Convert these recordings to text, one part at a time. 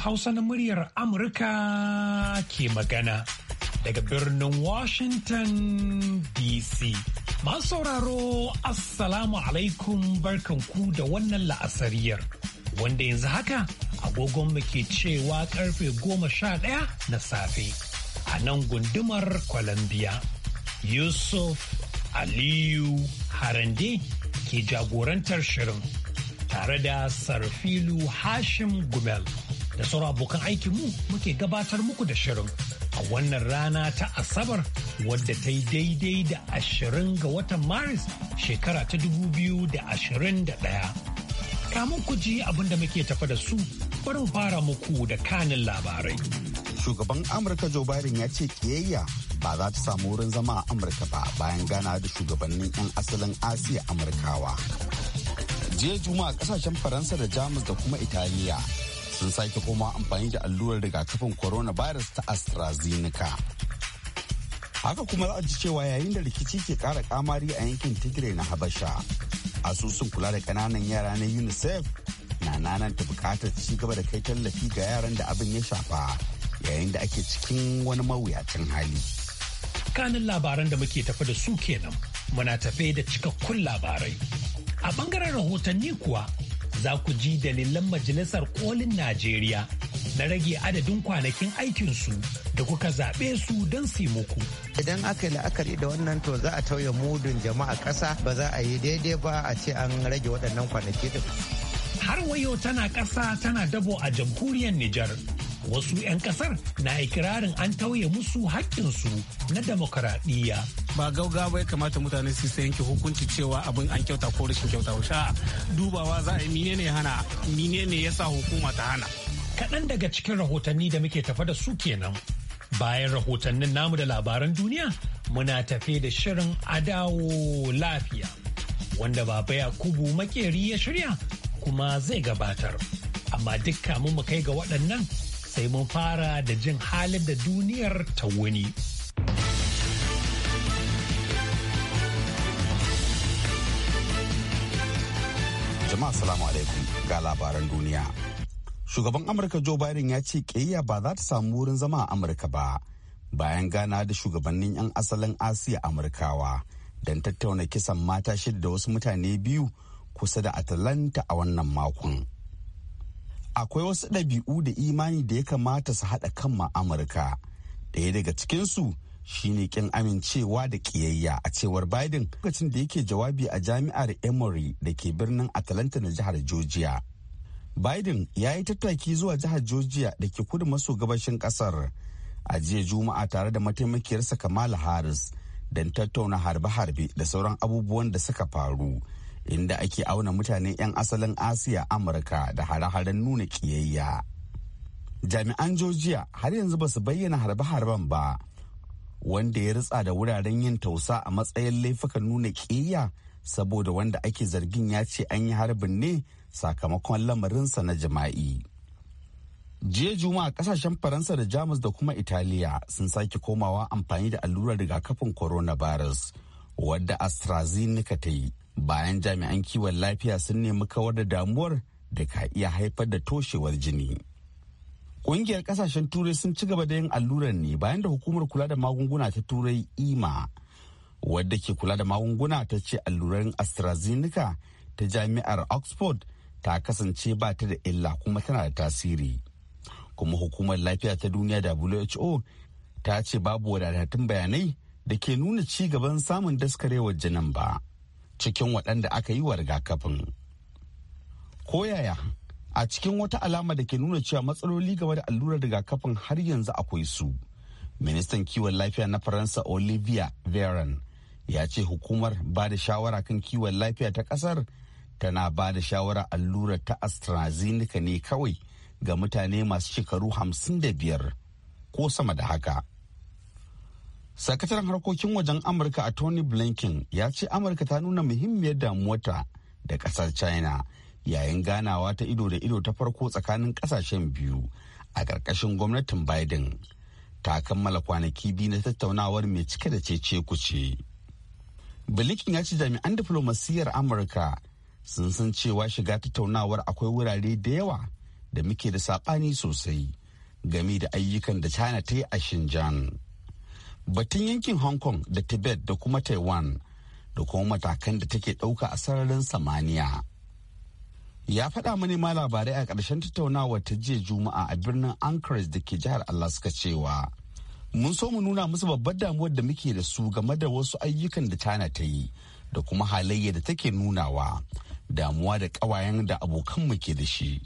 Hausa na muryar Amurka ke magana daga birnin Washington DC. Masu sauraro Assalamu alaikum barkanku da wannan la'asariyar. Wanda yanzu haka agogon ke cewa karfe goma sha ɗaya na safe a nan gundumar Columbia. Yusuf Aliyu Harande ke jagorantar shirin tare da Sarfilu Hashim Gumel. da sauran abokan aikinmu muke gabatar muku da shirin a wannan rana ta Asabar wadda ta yi daidai da ashirin ga watan Maris shekara ta dubu biyu da ashirin da daya. Kamun ku ji abin muke tafa da su bari fara muku da kanin labarai. Shugaban Amurka Joe Biden ya ce kiyayya ba za ta samu wurin zama a Amurka ba bayan gana da shugabannin 'yan asalin Asiya Amurkawa. Jiya Juma'a kasashen Faransa da Jamus da kuma Italiya sun sake koma amfani da allurar rigakafin coronavirus ta AstraZeneca. Haka kuma za a ji cewa yayin da rikici ke kara kamari a yankin Tigray na Habasha, asusun kula da ƙananan yara na UNICEF na nananta buƙatar ci gaba da kai tallafi ga yaran da abin ya shafa yayin da ake cikin wani mawuyacin hali. Kanin labaran da muke tafi da su kenan muna tafe da cikakkun labarai. A bangaren rahotanni kuwa za ku ji dalilan Majalisar Kolin Najeriya na rage adadin kwanakin aikinsu da kuka zaɓe su don su muku. Idan aka yi la'akari da wannan to za a tauye mudun jama'a ƙasa ba za a yi daidai ba a ce an rage waɗannan kwanaki ɗin. Har wayo tana ƙasa tana dabo a jamhuriyar Nijar. wasu 'yan kasar na ikirarin an tauye musu haƙƙinsu na demokaradiyya. ba gauga bai kamata mutane su sai yanke hukunci cewa abin an kyauta ko rashin kyauta sha dubawa za a yi ne hana menene yasa hukuma ta hana kaɗan daga cikin rahotanni da muke tafa da su kenan bayan rahotannin namu da labaran duniya muna tafe da shirin adawo lafiya wanda baba yakubu makeri ya shirya kuma zai gabatar amma duk kamun mu kai ga waɗannan sai mun fara da jin halin da duniyar ta wuni. Jama'a salamu alaikum ga labaran duniya. Shugaban Amurka Joe Biden ya ce ƙiyayya ba za ta samu wurin zama a Amurka ba bayan gana da shugabannin 'yan asalin Asiya Amurkawa don tattauna kisan mata shida da wasu mutane biyu kusa da Atlanta a wannan makon. akwai wasu ɗabi'u da imani da ya kamata su haɗa kan amurka ɗaya daga cikinsu shine kin amincewa da ƙiyayya a cewar biden lokacin da yake jawabi a jami'ar emory da ke birnin atlanta na jihar georgia biden ya yi tattaki zuwa jihar georgia da ke kudu maso gabashin kasar a jiya juma'a tare da mataimakiyarsa kamala harris don tattauna harbe-harbe da sauran abubuwan da suka faru inda ake auna mutane 'yan asalin asiya amurka da hare-haren nuna kiyayya. jami'an jojiya har yanzu ba su bayyana harbe-harben ba wanda ya ritsa da wuraren yin tausa a matsayin laifukan nuna kiyayya. saboda wanda ake zargin ya ce an yi harbin ne sakamakon lamarinsa na jima'i. jiya juma'a kasashen faransa da jamus da kuma italiya sun sake komawa amfani da allurar rigakafin coronavirus wadda astrazeneca ta yi bayan jami'an kiwon lafiya sun nemi kawar da damuwar da ka iya haifar da toshewar jini. Ƙungiyar ƙasashen turai sun ci gaba da yin allurar ne bayan da hukumar kula da magunguna ta turai ima e wadda ke kula da magunguna ta ce allurar AstraZeneca ta jami'ar Oxford ta kasance ba ta da illa kuma tana da tasiri. Kuma hukumar lafiya ta duniya WHO ta ce babu wadatattun bayanai da ke nuna ci gaban samun daskarewar jinin ba. cikin waɗanda aka yi wa rigakafin koyaya a cikin wata alama da ke nuna cewa matsaloli game da allurar rigakafin har yanzu akwai su ministan kiwon lafiya na faransa olivia Veran ya ce hukumar ba da shawara kan kiwon lafiya ta ƙasar tana ba da shawara allurar ta astrazeneca ne kawai ga mutane masu shekaru 55 ko sama da haka sakataren harkokin wajen amurka a tony blinken ya ce amurka ta nuna muhimmiyar damuwarta da kasar china yayin ganawa ta ido da ido ta farko tsakanin kasashen biyu a ƙarƙashin gwamnatin biden ta kammala kwanaki biyu na tattaunawar mai cike da cece kuce blinken ya ce jami'an diflomasiyyar amurka sun san cewa shiga tattaunawar akwai wurare da yawa da muke da saɓani sosai game da ayyukan da china ta yi a shinjan. batun yankin hong kong da tibet da kuma taiwan da kuma matakan da take ɗauka a sararin samaniya ya faɗa manema labarai a ƙarshen tattaunawa ta jiya juma'a a birnin anchorage da ke jihar alaska cewa mun so mu nuna musu babbar damuwar da muke da su game da wasu ayyukan da china ta yi da kuma halayya da take nunawa damuwa da ƙawayen da abokanmu ke da shi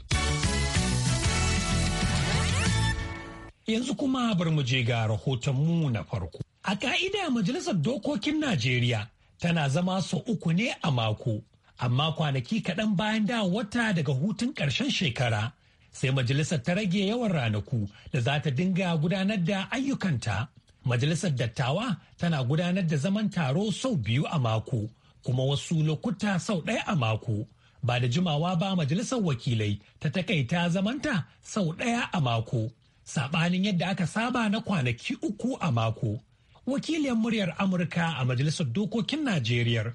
Yanzu kuma bar mu je ga rahotonmu na farko. A ka'ida Majalisar Dokokin Najeriya tana zama sau uku ne a mako, amma kwanaki kaɗan bayan da wata daga hutun ƙarshen shekara. Sai majalisar ta rage yawan ranaku da za ta dinga gudanar da ayyukanta. Majalisar dattawa tana gudanar da zaman taro sau biyu a mako, kuma wasu lokuta sau ɗaya a mako. Ba da jimawa ba majalisar wakilai ta takaita zamanta sau ɗaya a mako. saɓanin yadda aka saba na kwanaki uku a mako. Wakiliyar muryar Amurka a Majalisar Dokokin Najeriya,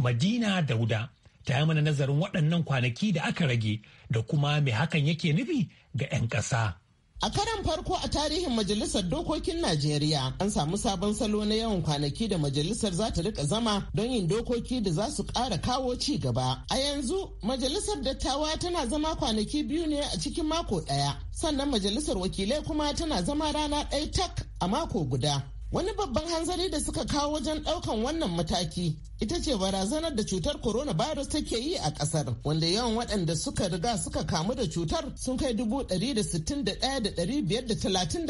Madina Dauda, ta yi mana nazarin waɗannan kwanaki da aka rage da kuma me hakan yake nufi ga 'yan ƙasa. A karan farko a tarihin Majalisar Dokokin Najeriya an samu sabon salo na yawan kwanaki da majalisar za ta rika zama don yin dokoki da za su ƙara kawo ci gaba. A yanzu majalisar dattawa tana zama kwanaki biyu ne a cikin mako ɗaya, sannan majalisar wakilai kuma tana zama rana ɗaya tak a mako guda. Wani babban hanzari da suka kawo wajen ɗaukan wannan mataki ita ce barazanar da cutar corona virus take yi a kasar wanda yawan waɗanda suka riga suka kamu da cutar sun kai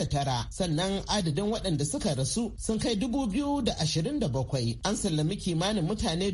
tara sannan adadin waɗanda suka rasu sun kai bakwai an sallami kimanin mutane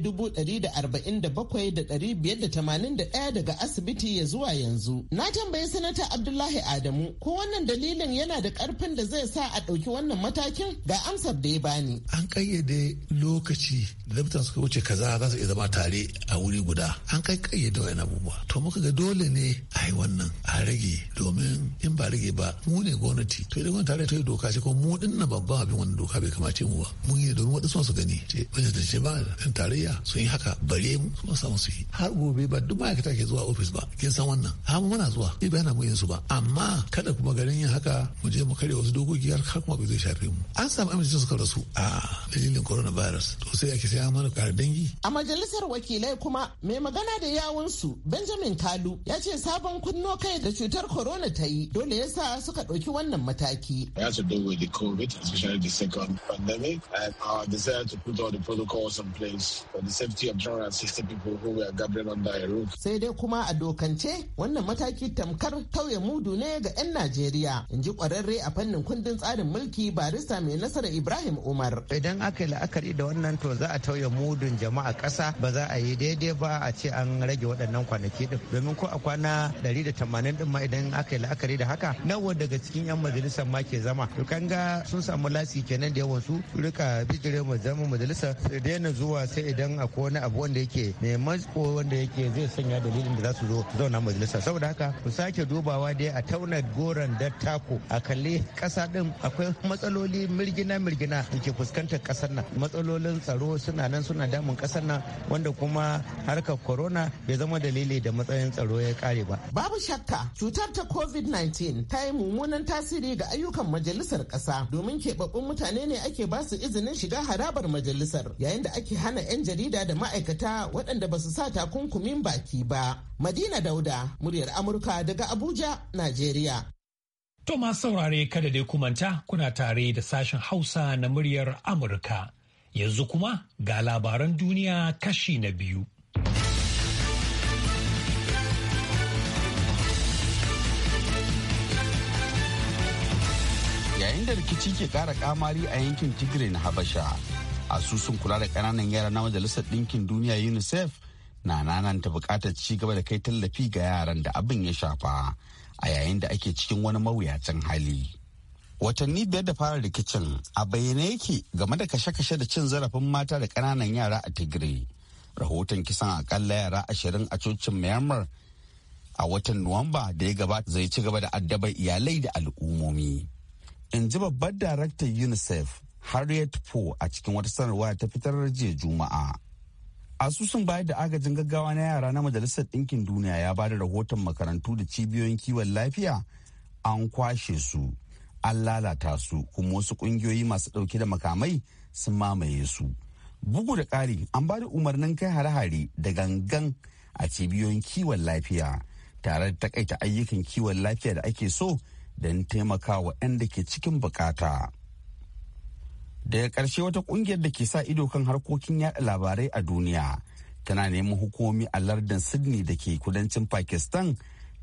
ɗaya daga asibiti ya zuwa yanzu na tambayi sanata abdullahi adamu ko wannan dalilin yana da ƙarfin da zai sa a ɗauki wannan matakin ga amsar da ya bani an ƙayyade lokaci da suka wuce kaza za su iya zama tare a wuri guda an kai kai da wani abubuwa to muka ga dole ne a yi wannan a rage domin in ba rage ba mu ne gwamnati to idan gwamnati tare ta yi doka ce ko mu din na babban abin wannan doka bai kamace mu ba mun yi domin wadansu su gani ce wani da ce ba yan tarayya sun yi haka bare mu su samu su yi har gobe ba duk ma'aikata ke zuwa ofis ba kin san wannan ha mu muna zuwa ni bayana mu yin su ba amma kada kuma garin yin haka mu je mu karya wasu dokoki har kuma bai zai shafe mu an samu amince suka rasu a dalilin coronavirus to sai ake sai mana dangi. A majalisar wakilai kuma mai magana da yawunsu Benjamin Kalu ya ce sabon kunno kai da cutar corona ta yi dole ya sa suka ɗauki wannan mataki. As to do with the COVID, especially the second pandemic, and our desire to put all the protocols in place for the safety of 260 people who were gathering under a roof. Sai dai kuma a dokance wannan mataki tamkar tauye mudu ne ga 'yan Najeriya, in ji kwararre a fannin kundin tsarin mulki barista mai nasara Ibrahim Umar. Idan aka yi la'akari da wannan to za a tauye mudu mudun jama'a ƙasa ba za a yi daidai ba a ce an rage waɗannan kwanaki din domin ko a kwana 180 din ma idan aka yi la'akari da haka nawa daga cikin 'yan majalisar ma ke zama to kan ga sun samu lasi kenan da yawan su rika bijire mu zama majalisa su daina zuwa sai idan akwai wani abu wanda yake neman ko wanda yake zai sanya dalilin da za su zo zauna majalisa saboda haka ku sake dubawa dai a tauna goron dattako a kalli ƙasa din akwai matsaloli mirgina mirgina da ke fuskantar ƙasar nan matsalolin tsaro suna nan su suna damun kasar nan wanda kuma harkar corona bai zama dalili da matsayin tsaro ya kare ba. Babu shakka cutar ta COVID-19 ta yi mummunan tasiri ga ayyukan majalisar ƙasa domin keɓaɓɓun mutane ne ake ba su izinin shiga harabar majalisar yayin da ake hana 'yan jarida da ma'aikata waɗanda ba su sa takunkumin baki ba. Madina Dauda, muryar Amurka daga Abuja, Najeriya. To masu saurare kada dai kumanta kuna tare da sashen Hausa na muryar Amurka Yanzu kuma ga labaran duniya kashi na biyu. Yayin da rikici ke kara kamari a yankin Tigray na Habasha, asusun kula da ƙananan yara na Majalisar Ɗinkin Duniya UNICEF na ta buƙatar ci gaba da kai tallafi ga yaran da abin ya shafa a yayin da ake cikin wani mawuyacin hali. watanni biyar da fara rikicin a bayyane yake game da kashe-kashe da cin zarafin mata da ƙananan yara a tigray rahoton kisan akalla yara ashirin a cocin myanmar a watan nuwamba da ya gabata zai ci gaba da addabar iyalai da al'ummomi in ji babbar daraktar unicef harriet po a cikin wata sanarwa ta fitar jiya juma'a asusun bayar da agajin gaggawa na yara na majalisar ɗinkin duniya ya ba da rahoton makarantu da cibiyoyin kiwon lafiya an kwashe su an lalata su kuma wasu kungiyoyi masu dauke da makamai sun mamaye su bugu da ƙari an ba da umarnin kai hare-hare da gangan a cibiyoyin kiwon lafiya tare da takaita ayyukan kiwon lafiya da ake so don taimakawa 'yan da ke cikin bukata daga ƙarshe wata ƙungiyar da ke sa ido kan harkokin yaɗa labarai a duniya tana neman hukumomi a lardin sydney da ke kudancin pakistan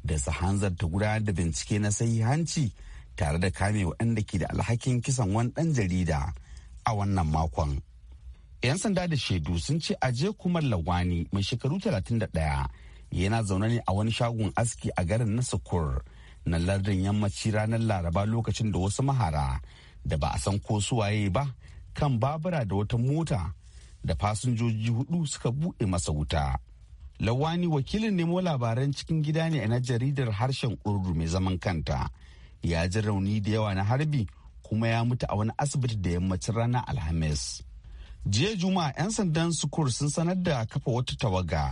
da su hanzarta gudanar da bincike na sahihanci hanci tare da kame waɗanda ke da alhakin kisan wani ɗan jarida a wannan makon. 'Yan sanda da shaidu sun ce aje kumar lawani mai shekaru 31 yana zaune ne a wani shagon aski a garin na Sukur na lardin yammaci ranar Laraba lokacin da wasu mahara da ba a san ko suwaye ba kan babura da wata mota da fasinjoji hudu suka buɗe masa wuta. Lawani wakilin nemo labaran cikin gida ne a na jaridar harshen Urdu mai zaman kanta ya ji rauni da yawa na harbi kuma ya mutu a wani asibiti da yammacin rana alhamis jiya juma'a 'yan sandan sukur sun sanar da kafa wata tawaga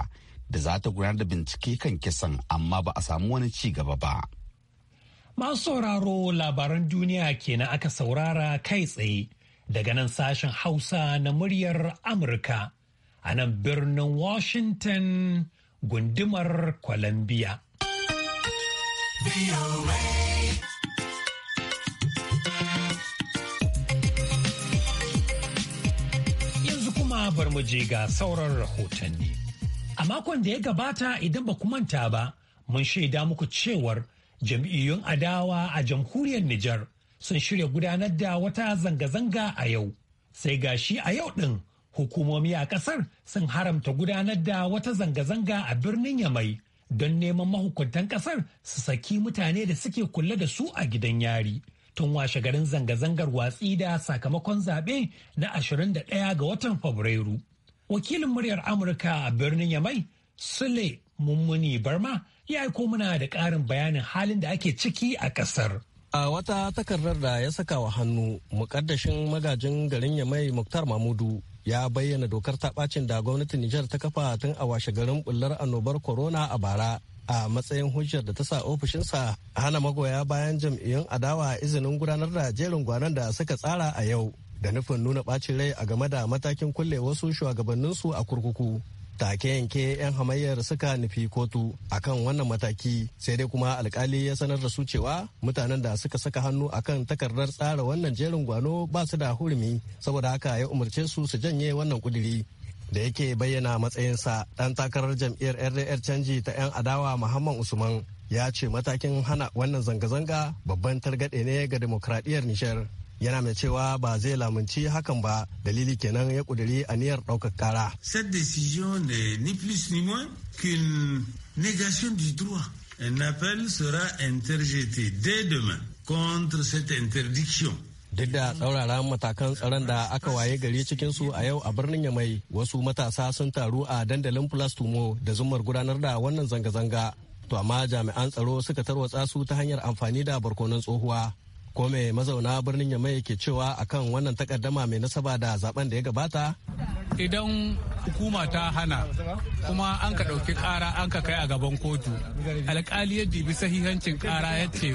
da za ta gudanar da bincike kan kisan amma ba a samu wani ci gaba ba masu sauraro labaran duniya kenan aka saurara kai tsaye daga nan sashen hausa na muryar amurka a nan birnin washington gundumar columbia. amma bar mu je ga sauran rahotanni. A makon da ya gabata idan ba manta ba, mun shaida muku cewar jam'iyyun adawa a jamhuriyar Nijar sun shirya gudanar da wata zanga-zanga a yau. Sai gashi a yau ɗin hukumomi a ƙasar sun haramta gudanar da wata zanga-zanga a birnin Yamai don neman mahukuntan ƙasar su saki mutane da suke kulle da su a gidan yari. tun washe garin zanga-zangar watsi da sakamakon zaɓe na 21 ga watan Fabrairu. Wakilin muryar Amurka a birnin Yamai, Sule Mummuni Barma, ya aiko muna da ƙarin bayanin halin da ake ciki a ƙasar. A wata takardar da ya saka wa hannu, mukaddashin magajin garin Yamai Muktar Mamudu ya bayyana dokar taɓacin da gwamnatin Nijar ta kafa tun a washe garin bullar annobar corona a bara a matsayin hujjar da ta sa ofishinsa hana magoya bayan jam'iyyun adawa izinin gudanar da jerin gwanon da suka tsara a yau da nufin nuna bacin rai a game da matakin kulle wasu shugabanninsu a kurkuku take yanke 'yan hamayyar suka nufi kotu akan wannan mataki sai dai kuma alkali ya sanar da su cewa mutanen da suka saka hannu akan takardar tsara wannan jerin gwano ba su da hurumi saboda haka ya umarce su su janye wannan kuduri da yake bayyana matsayinsa ɗan takarar jam'iyyar rdr canji ta 'yan adawa muhammad usman ya ce matakin hana wannan zanga-zanga babban targaɗe ne ga demokradiyyar nishar yana mai cewa ba zai lamunci hakan ba dalili kenan ya kuduri aniyar ɗaukar kara. Cette décision ni plus Un appel sera interjeté dès demain contre cette interdiction. duk da tsauraran matakan tsaron da aka waye gari cikinsu a yau a birnin yamai wasu matasa sun taru a dandalin plastomo da zumar gudanar da wannan zanga-zanga to amma jami'an tsaro suka tarwatsa su ta hanyar amfani da barkonon tsohuwa ko me mazauna birnin yamai yake cewa akan wannan takaddama mai nasaba da zaben da ya gabata idan hukuma ta hana kuma an ka ɗauki ƙara an ka kai a gaban kotu alkali ya dibi sahihancin ƙara ya ce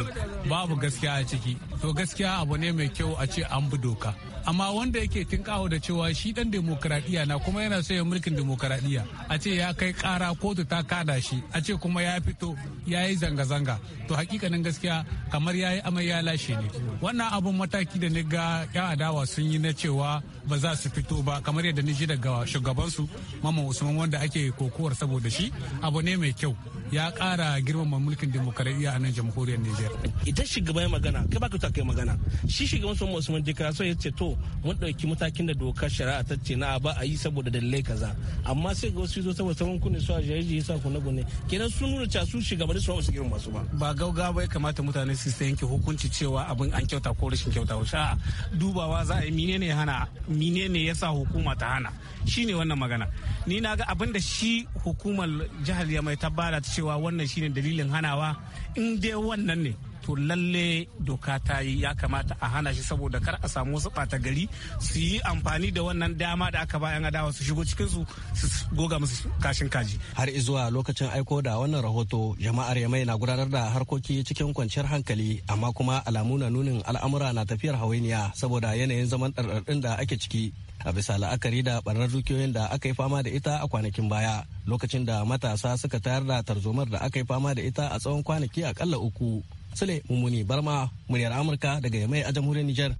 babu gaskiya a ciki to gaskiya abu ne mai kyau a ce an bi doka amma wanda yake tinkaho da cewa shi dan demokradiya na kuma yana so ya mulkin demokradiya a ce ya kai kara kotu ta kada shi a ce kuma ya fito ya yi zanga-zanga to hakikanin gaskiya kamar ya yi amai ya lashe ne wannan abun mataki da niga ga yan adawa sun yi na cewa ba za su fito ba kamar yadda ni ji daga shugabansu mama usman wanda ake kokowar saboda shi abu ne mai kyau ya ƙara girmama mulkin demokaradiyya a nan jamhuriyar Nijar. Idan shugaba ya magana, kai baka ta kai magana. Shi shugaban sun Usman Jikara so ya ce to mun dauki matakin da dokar shari'a ta ce na ba a yi saboda dalilai kaza. Amma sai ga wasu zo saboda sabon kunne su a jayaji sa kunne kunne. Kenan sun nuna cewa su shugabanni su ba su girma su ba. Ba gauga ba ya kamata mutane su yanke hukunci cewa abin an kyauta ko rashin kyauta. sha dubawa za a yi menene ya hana menene ya sa hukuma ta hana. Shine wannan magana. Ni na ga abin da shi hukumar jihar Yamai ta bada ta cewa wannan shine dalilin hanawa in dai wannan ne to lalle doka ta yi ya kamata a hana shi saboda kar a samu wasu ɓata gari su yi amfani da wannan dama da aka bayan adawa su shigo cikin su su goga musu kashin kaji har zuwa lokacin aiko da wannan rahoto jama'ar yamai na gudanar da harkoki cikin kwanciyar hankali amma kuma alamu na nunin al'amura na tafiyar hawainiya saboda yanayin zaman ɗarɗarɗin da ake ciki a bisa la'akari da ɓarnar dukiyoyin da aka yi fama da ita a kwanakin baya lokacin da matasa suka tayar da tarzomar da aka yi fama da ita a tsawon kwanaki akalla uku. Sule mummuni Barma, muryar Amurka daga Yamai a jamhuriyar Nijar.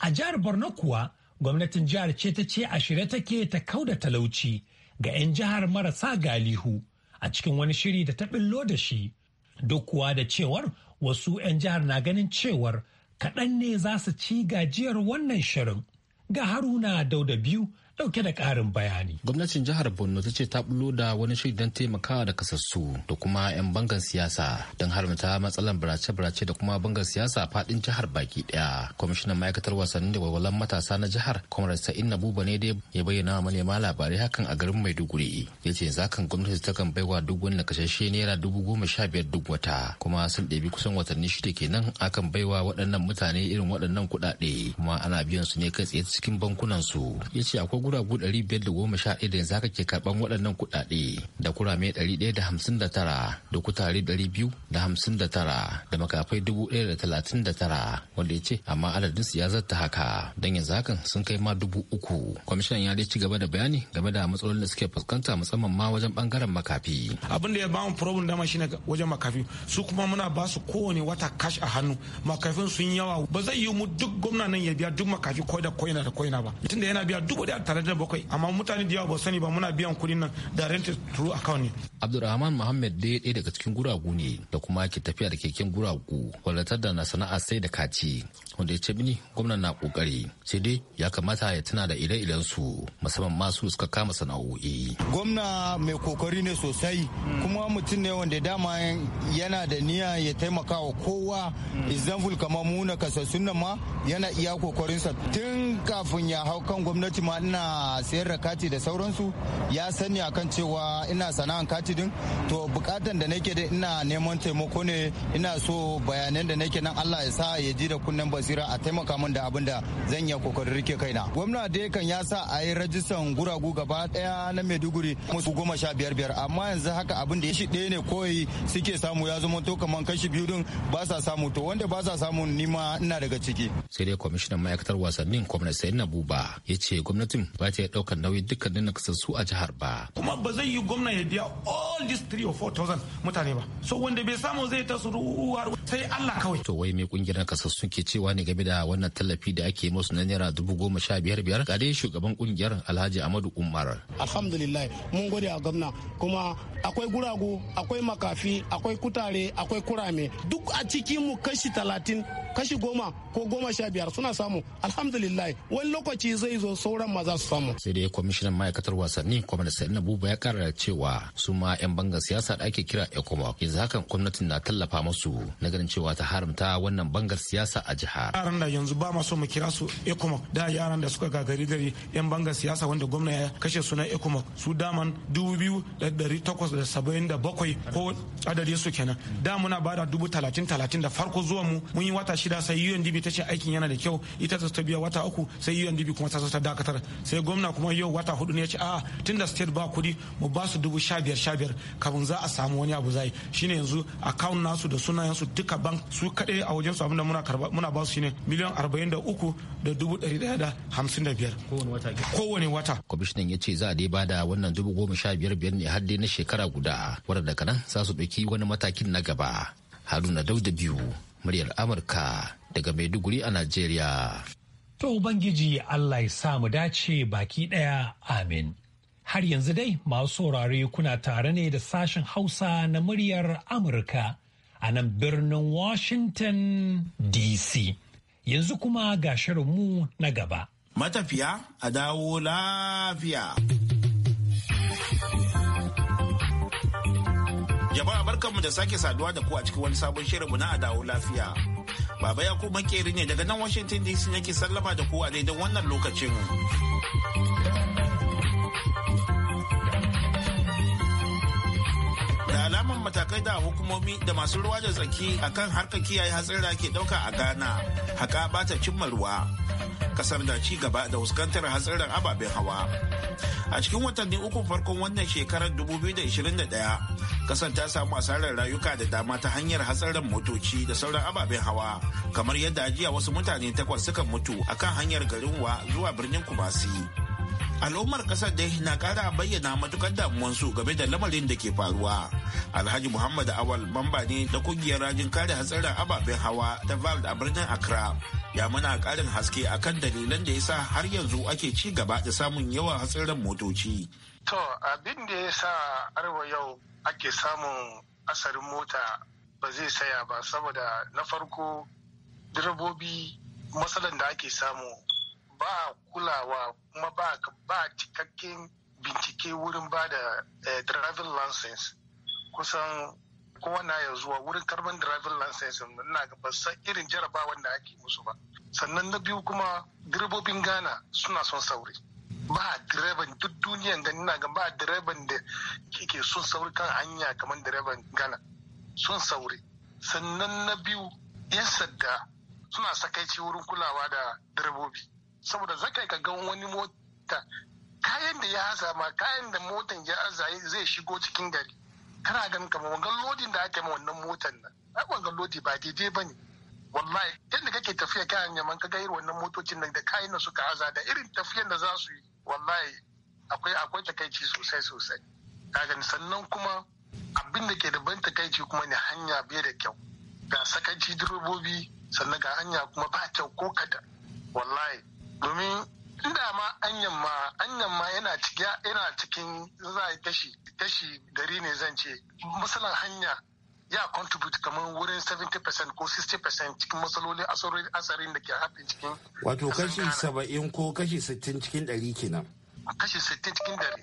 A jihar Borno kuwa, gwamnatin jihar ce ta ce a shirye take ta kauda talauci ga 'yan jihar marasa galihu a cikin wani shiri da ta billo da shi. Duk kuwa da cewar wasu 'yan jihar na ganin cewar kaɗan ne za su ci gajiyar wannan shirin. ga haruna dauda biyu dauke da karin bayani. Gwamnatin jihar Borno ta ce ta bulo da wani shiri don taimakawa da kasassu da kuma 'yan bangan siyasa don haramta matsalar barace-barace da kuma bangan siyasa a fadin jihar baki daya. Kwamishinan ma'aikatar wasanni da walwalan matasa na jihar Kwamar Sa'in Nabuba ne dai ya bayyana wa manema labarai hakan a garin Maiduguri. Ya ce zakan gwamnati ta kan baiwa duk wani kasashe naira dubu goma sha biyar duk wata kuma sun ɗebi kusan watanni shida kenan akan baiwa waɗannan mutane irin waɗannan kuɗaɗe kuma ana biyan su ne kai tsaye cikin bankunan su. Ya ce akwai guragu 511 da yanzu haka ke karban waɗannan kuɗaɗe da kurame 159 da kutare 259 da makafai 1,039 wanda ya ce amma adadinsu ya zarta haka don yanzu hakan sun kai ma dubu uku kwamishinan ya dai ci gaba da bayani game da matsalolin da suke fuskanta musamman ma wajen bangaren makafi abin da ya bamu problem dama shine wajen makafi su kuma muna ba su kowane wata cash a hannu makafin sun yawa ba zai yi mu duk gwamna nan ya biya duk makafi ko da koina da koina ba tunda yana biya duk dubu da tare bakwai amma mutane da yawa ba sani ba muna biyan kudin nan da rent through account ne abdulrahman muhammad dai ɗaya daga cikin guragu ne da kuma ke tafiya da keken guragu wadatar da na sana'a sai da kaci wanda ya ce mini gwamnan na kokari sai dai ya kamata ya tuna da ire-iren su musamman masu suka kama sana'o'i gwamna mai kokari ne sosai kuma mutum ne wanda dama yana da niyya ya taimaka wa kowa example kamar mu na kasassun nan ma yana iya kokarinsa tun kafin ya hau kan gwamnati ma ina sayar da kati da sauransu ya sani akan cewa ina sana'an kati din to bukatan da nake da ina neman taimako ne ina so bayanan da nake nan Allah ya sa ya ji da kunnen basira a taimaka min da abin da zan iya kokarin rike kaina gwamna da kan ya sa a yi rajistan guragu gaba daya na Maiduguri musu goma sha biyar biyar amma yanzu haka abin da ya shi ɗaya ne koyi suke samu ya zama to kamar kashi biyu din ba sa samu to wanda ba sa samu nima ina daga ciki sai dai kwamishinan ma'aikatar wasannin gwamnati sayin buba ya ce gwamnatin ba ta ɗaukan nauyin dukkanin nakasassu a jihar ba. Kuma ba zai yi gwamna ya biya all these three or four thousand mutane ba. So wanda bai samu zai ta su sai Allah kawai. To wai me kungiyar nakasassu ke cewa ne game da wannan tallafi da ake musu na naira dubu goma sha biyar biyar ga dai shugaban kungiyar Alhaji Amadu Umar. Alhamdulillah mun gode a gwamna kuma akwai guragu akwai makafi akwai kutare akwai kurame duk a cikin mu kashi talatin kashi goma ko goma sha biyar suna samu alhamdulillah wani lokaci zai zo sauran maza su samu sai dai kwamishinan ma'aikatar wasanni kwamar sa'in abubuwa ya karara cewa su ma 'yan bangar siyasa da ake kira ecomoc yanzu hakan gwamnatin na tallafa musu na ganin cewa ta haramta wannan bangar siyasa a jihar yaran da yanzu ba ma mu kira su ecomoc da yaran da suka gagari gari 'yan bangar siyasa wanda gwamna ya kashe suna ecomoc su daman dubu biyu da dari takwas da saba'in da bakwai ko adadin su kenan da muna bada dubu talatin talatin da farko zuwa mu mun yi wata shida sai undp ta ce aikin yana da kyau ita ta biya wata uku sai undp kuma ta ta dakatar sai sai gwamna kuma yau wata hudu ne ya ce a ah, tun da state ba kudi mu ba su dubu sha biyar sha kafin za a samu wani abu zai shine yanzu account nasu da sunayensu duka bank su kaɗai a wajen su abinda muna karba muna ba su shine miliyan arba'in da uku da dubu ɗari ɗaya da hamsin da biyar kowane wata kwamishinan ya ce za a dai ba da wannan dubu goma sha biyar biyar ne har dai na shekara guda wadda daga nan za su ɗauki wani matakin na gaba haruna dauda biyu muryar amurka daga maiduguri a najeriya To Ubangiji Allah ya sa mu dace baki ɗaya amin. Har yanzu dai masu saurare kuna tare ne da sashen Hausa na muryar Amurka a nan birnin Washington DC. Yanzu kuma ga mu na gaba. Matafiya a dawo lafiya. Jama'a barkanmu da sake saduwa da ku a cikin wani sabon shirinmu na a dawo lafiya. Baba ya kuma makeri ne daga nan Washington DC nake sallama da ku a daidai wannan lokacin. Da alaman matakai da hukumomi da masu ruwa da tsaki akan harkar kiyaye hatsira ke dauka a Ghana, haka ba ta cimma ruwa. Kasar da ci gaba da fuskantar hatsarin ababen hawa. A cikin watanni uku farkon wannan shekarar 2021 kasan ta samu asarar rayuka da dama ta hanyar hatsarin motoci da sauran ababen hawa kamar yadda jiya wasu mutane takwas suka mutu akan hanyar garin wa zuwa birnin kumasi al'ummar kasar dai na kara bayyana matukar damuwansu game da lamarin da ke faruwa alhaji muhammad awal mamba ne da kungiyar rajin kare hatsarin ababen hawa ta val a birnin accra ya mana karin haske akan dalilan da yasa har yanzu ake ci gaba da samun yawan hatsarin motoci to abin da ya sa arwa yau ake samun asarin mota ba zai saya ba saboda na farko direbobi matsalan da ake samu ba kulawa kuma ba cikakken bincike wurin ba da eh, driving license kusan na ya zuwa wurin karban driving license na ba irin jarabawan da ake musu ba sannan na biyu kuma direbobin ghana suna son sauri ba direban duk duniyan da ina ga ba direban da ke sun sauri kan hanya kamar direban gana sun sauri sannan na biyu yan sadda suna sakaici wurin kulawa da direbobi saboda za ka ga wani mota kayan da ya haza ma kayan da motan ya haza zai shigo cikin gari kana ganin kamar wangan lodin da ake yi wannan motan nan ai wangan lodi ba daidai ba ne wallahi yadda kake tafiya kai hanya man ka ga irin wannan motocin da kayan na suka haza da irin tafiyan da za su yi wallahi akwai akwai takaici sosai sosai kaga sannan kuma abin da ke da ban takaici kuma ne hanya bai da kyau ga sakaci direbobi sannan ga hanya kuma ba kyau ko kada wallahi domin inda ma anyan ma anyan ma yana cikin yana cikin za a tashi tashi gari ne zan ce masalan hanya ya contribute kamar wurin 70% ko 60% cikin matsaloli asarin da ke haɗin cikin wato kashi 70 ko kashi 60 cikin ɗari kenan kashi 60 cikin ɗari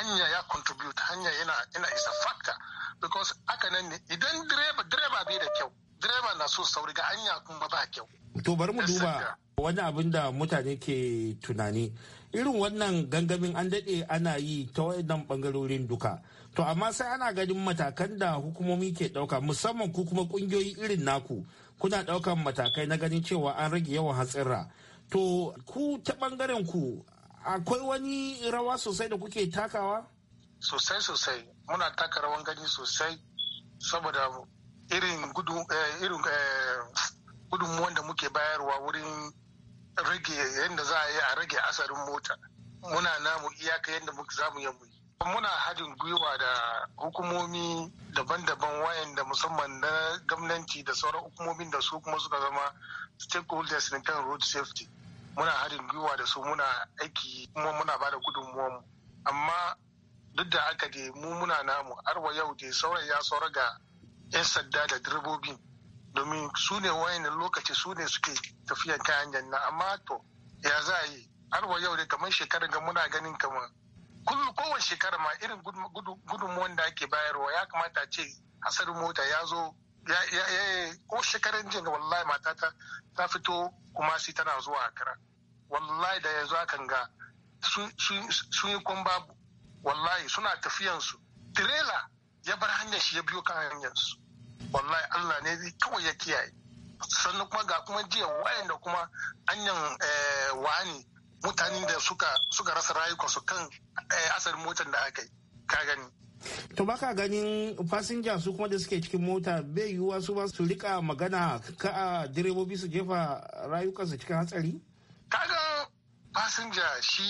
hanya ya contribute hanya yana yana is a factor because aka nan ne idan direba direba bai da kyau direba na so sauri ga hanya kuma ba kyau to bari mu duba wani abin da mutane ke tunani irin wannan gangamin an daɗe ana yi ta wayannan ɓangarorin duka To amma sai ana ganin matakan da hukumomi ke ɗauka musamman ku kuma kungiyoyi irin naku kuna ɗaukan matakai na ganin cewa an rage yawan hatsira. To ku ta bangaren ku akwai wani rawa sosai da kuke takawa? Sosai sosai muna taka rawan gani sosai saboda irin eh, eh, gudunmuwan da muke bayarwa wurin rage yadda za a yi a rage asarin mota. Muna namu iyaka yadda za mu yi muna hajin gwiwa da hukumomi daban-daban wayanda musamman na gwamnati da sauran hukumomin da su kuma suka zama stakeholders na kan road safety muna hajin gwiwa da su muna aiki kuma muna ba da gudunmuwan amma duk da aka dai mu muna namu arwa yau dai sauran ya saura ga 'yan sadda da direbobi domin su ne wayannan lokaci su ne suke tafiya kayan janna amma to ya za a yi arwa yau dai kamar shekarar ga muna ganin kamar kuma kowace shekara ma irin gudunmuwan da ake bayarwa ya kamata ce hasarin mota ya zo Ya ko shekarun jin wallahi matata ta fito kuma tana zuwa kara wallahi da ya zo kan ga sun yi kun babu wallahi suna tafiyansu tirela ya bar hanyar shi ya biyo kan hanyarsu wallahi allah ne kawai ya kiyaye sannan kuma ga kuma jiya da kuma hanyar eh, wani mutanen da suka rasa rayukansu kan eh, asalin motar da aka yi ka gani to baka ganin fasinja su kuma da suke cikin mota bai yiwuwa su ba su rika magana ka a direbobi su jefa rayukansu cikin hatsari kaga fasinja shi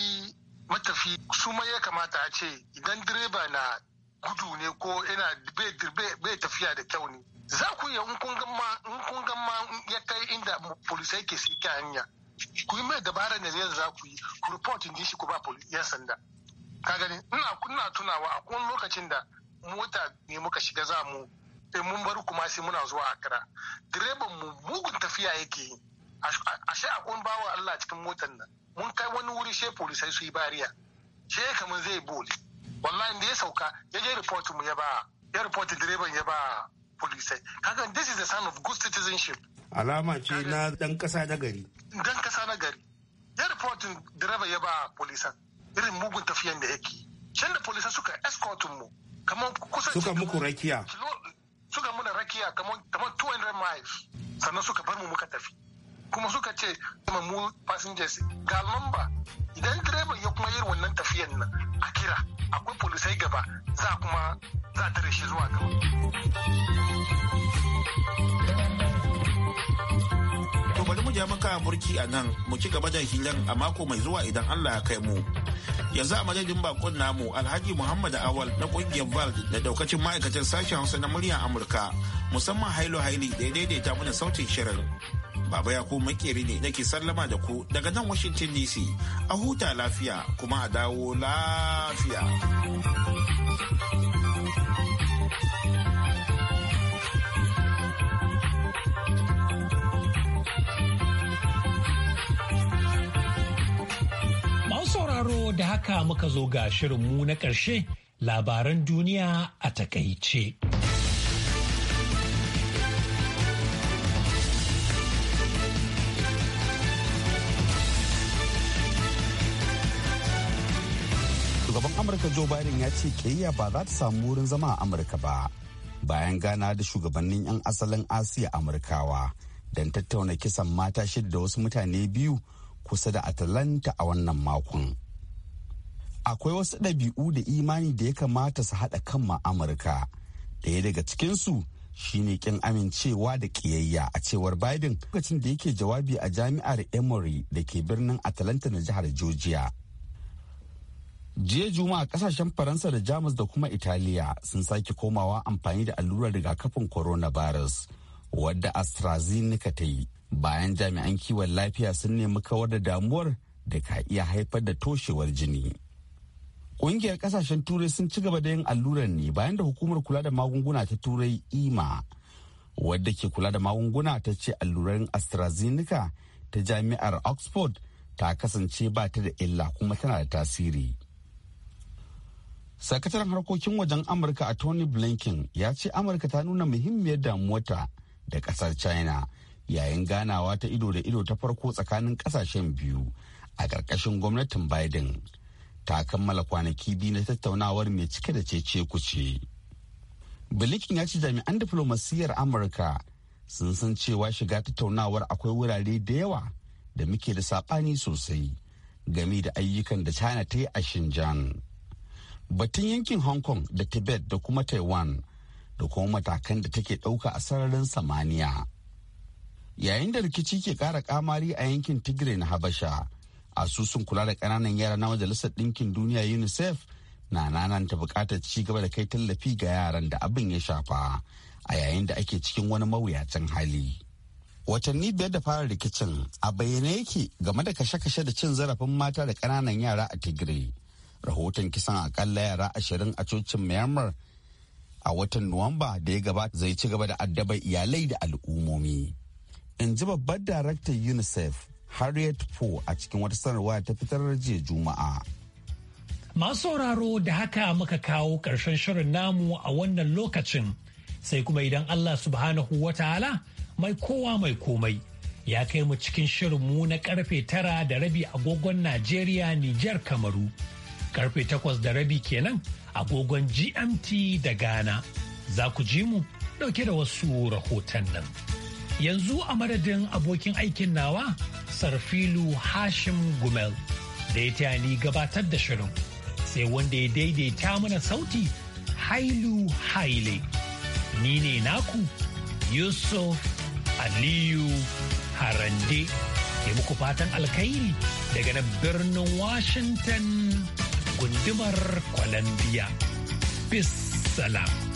matafi su ya kamata a ce idan direba na gudu ne ko yana bai tafiya da kyau ne za ku yi in kun ma ya kai inda polisai ke sai hanya ku yi mai dabara da zai za ku yi ku report din shi ku ba yan sanda ka gani ina kuna tunawa a kun lokacin da mota ne muka shiga za mu in mun bar kuma sai muna zuwa Accra direban mu mugun tafiya yake yi ashe a kun bawa Allah cikin motar nan mun kai wani wuri sai polisai su yi bariya she kamar zai boli wallahi da ya sauka ya je report mu ya ba ya report direban ya ba polisai kaga this is a sign of good citizenship alama ce na dan kasa na gari dan kasa na gari ya reportin direba ya ba polisan irin mugun tafiyan da yake can da polisan suka escortin mu kamar kusan suka muku rakiya suka muna rakiya kamar 200 miles sannan suka bar mu muka tafi kuma suka ce mu passengers ga lamba idan direba ya kuma yi wannan tafiyan nan a kira akwai polisai gaba za kuma za ta shi zuwa gaba bari mu ja maka murki a nan mu ci gaba da hilan a mako mai zuwa idan Allah ya kai mu. Yanzu a madadin bakon namu Alhaji Muhammad Awal na kungiyar VAL da daukacin ma'aikatar sashen Hausa na muryar Amurka musamman Hailo Haili da ya daidaita mana sautin shirin. Baba ya ku makeri ne nake sallama da ku daga nan Washington DC. A huta lafiya kuma a dawo lafiya. sauraro da haka muka zo ga shirinmu na ƙarshe labaran duniya a takaice. Shugaban Amurka Joe Biden ya ce kiyayya ba za ta samu wurin zama a Amurka ba bayan gana da shugabannin 'yan asalin Asiya Amurkawa don tattauna kisan mata shida da wasu mutane biyu kusa da atlanta a wannan makon. akwai wasu ɗabi'u da imani da ya kamata su haɗa kan amurka ɗaya daga cikinsu shine kin amincewa da ƙiyayya a cewar biden lokacin da yake jawabi a jami'ar emory da ke birnin atlanta na jihar georgia jiya juma'a kasashen faransa da jamus da kuma italiya sun sake komawa amfani da allurar rigakafin coronavirus wadda astrazeneca ta yi bayan jami'an kiwon lafiya sun nemi kawar da damuwar da ka iya haifar da toshewar jini. Ƙungiyar ƙasashen Turai sun ci gaba da yin allurar ne bayan da hukumar kula da magunguna ta Turai IMA e wadda ke kula da magunguna ta ce alluran AstraZeneca ta jami'ar Oxford ta kasance ba ta da illa kuma tana da tasiri. Sakataren harkokin wajen Amurka a Tony Blinken ya ce Amurka ta nuna muhimmiyar damuwarta da ƙasar China yayin ganawa ta ido da ido ta farko tsakanin ƙasashen biyu a ƙarƙashin gwamnatin Biden. ta kammala kwanaki biyu na tattaunawar mai cike da cece kuce. Bilikin ya ce jami'an diflomasiyyar Amurka sun san cewa shiga tattaunawar akwai wurare da yawa da muke da saɓani sosai game da ayyukan da China ta yi a Xinjiang. Batun yankin Hong Kong da Tibet da kuma Taiwan da kuma matakan da take ɗauka a sararin samaniya. Yayin da rikici ke ƙara ƙamari a yankin Tigray na Habasha. asusun kula da ƙananan yara na majalisar ɗinkin duniya unicef na nananta buƙatar ci gaba da kai tallafi ga yaran da abin ya shafa a yayin da ake cikin wani mawuyacin hali watanni biyar da fara rikicin a bayyane yake game da kashe-kashe da cin zarafin mata da kananan yara a tigray rahoton kisan akalla yara ashirin a cocin myanmar a watan nuwamba da ya gabata zai ci gaba da addaba iyalai da al'ummomi in ji babbar daraktar unicef harriet po a cikin wata sanarwa ta fitar jiya juma'a masu sauraro da haka muka kawo ƙarshen shirin namu a wannan lokacin sai kuma idan allah subhanahu wa ta'ala mai kowa mai komai ya kai mu cikin shirin mu na karfe tara da rabi agogon Najeriya Nijar Kamaru. Karfe takwas da rabi kenan agogon GMT da Ghana. Za ku ji mu dauke da wasu rahoton nan. yanzu a madadin abokin aikin nawa sarfilu hashim gumel da ya taya ni gabatar da shirin sai wanda ya daidaita mana sauti hailu haile ni ne naku yusuf aliyu harande ke muku fatan alkhairi daga na birnin washington gundumar columbia bis salam